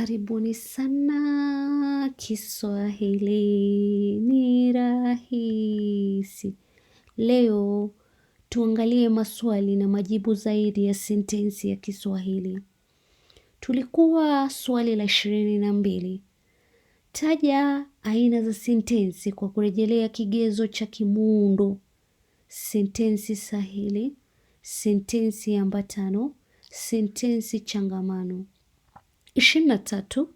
Karibuni sana Kiswahili ni rahisi. Leo tuangalie maswali na majibu zaidi ya sentensi ya Kiswahili. Tulikuwa swali la ishirini na mbili. Taja aina za sentensi kwa kurejelea kigezo cha kimuundo. Sentensi sahili, sentensi ambatano, sentensi changamano ishirini na tatu.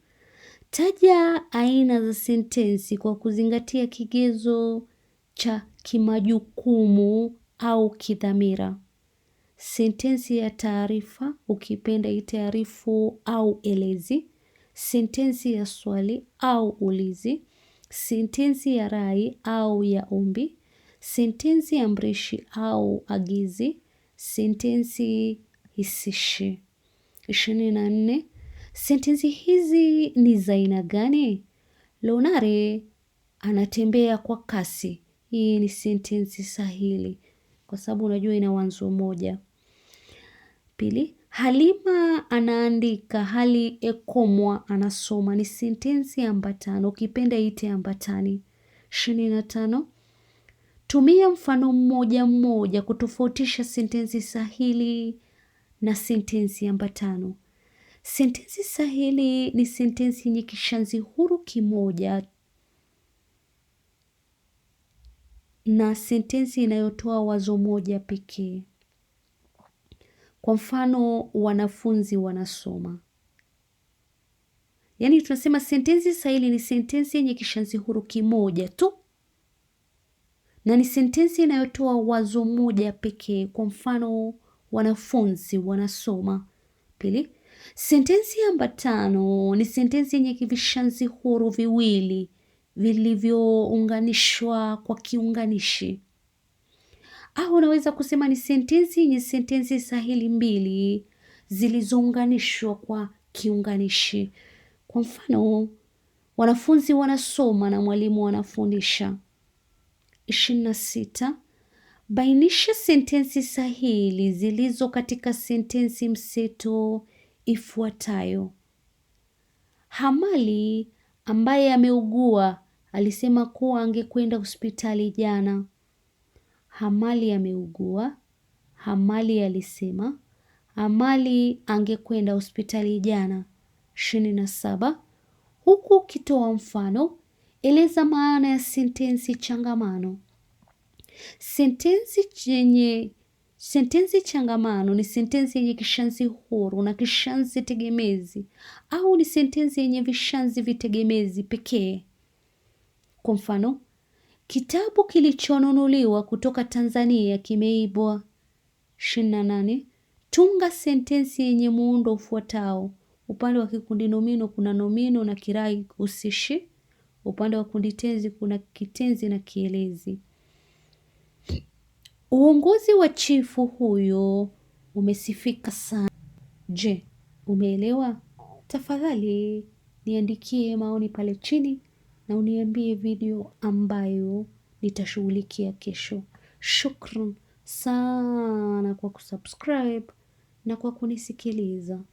Taja aina za sentensi kwa kuzingatia kigezo cha kimajukumu au kidhamira. Sentensi ya taarifa, ukipenda itaarifu au elezi. Sentensi ya swali au ulizi. Sentensi ya rai au ya ombi. Sentensi ya amrishi au agizi. Sentensi hisishi. ishirini na nne. Sentensi hizi ni za aina gani? Lonare anatembea kwa kasi. Hii ni sentensi sahili kwa sababu unajua ina wanzo moja. Pili, Halima anaandika, hali ekomwa anasoma. Ni sentensi ambatano, ukipenda ite ambatani. ishirini na tano tumia mfano mmoja mmoja kutofautisha sentensi sahili na sentensi ambatano. Sentensi sahili ni sentensi yenye kishazi huru kimoja na sentensi inayotoa wazo moja pekee. Kwa mfano, wanafunzi wanasoma. Yaani tunasema sentensi sahili ni sentensi yenye kishazi huru kimoja tu na ni sentensi inayotoa wazo moja pekee. Kwa mfano, wanafunzi wanasoma. Pili, Sentensi tano ni sentensi yenye kivishanzi huru viwili vilivyounganishwa kwa kiunganishi. Au unaweza kusema ni sentensi yenye sentensi sahili mbili zilizounganishwa kwa kiunganishi. Kwa mfano, wanafunzi wanasoma na mwalimu anafundisha. ishirini na sita. Bainisha sentensi sahili zilizo katika sentensi mseto ifuatayo. Hamali ambaye ameugua alisema kuwa angekwenda hospitali jana. Hamali ameugua. Hamali alisema. Hamali angekwenda hospitali jana. ishirini na saba. Huku ukitoa mfano, eleza maana ya sentensi changamano. Sentensi chenye Sentensi changamano ni sentensi yenye kishazi huru na kishazi tegemezi au ni sentensi yenye vishazi vitegemezi pekee. Kwa mfano, kitabu kilichonunuliwa kutoka Tanzania kimeibwa. ishirini nane. Tunga sentensi yenye muundo ufuatao. Upande wa kikundi nomino kuna nomino na kirai husishi. Upande wa kundi tenzi kuna kitenzi na kielezi. Uongozi wa chifu huyo umesifika sana. Je, umeelewa? Tafadhali niandikie maoni pale chini na uniambie video ambayo nitashughulikia kesho. Shukran sana kwa kusubscribe na kwa kunisikiliza.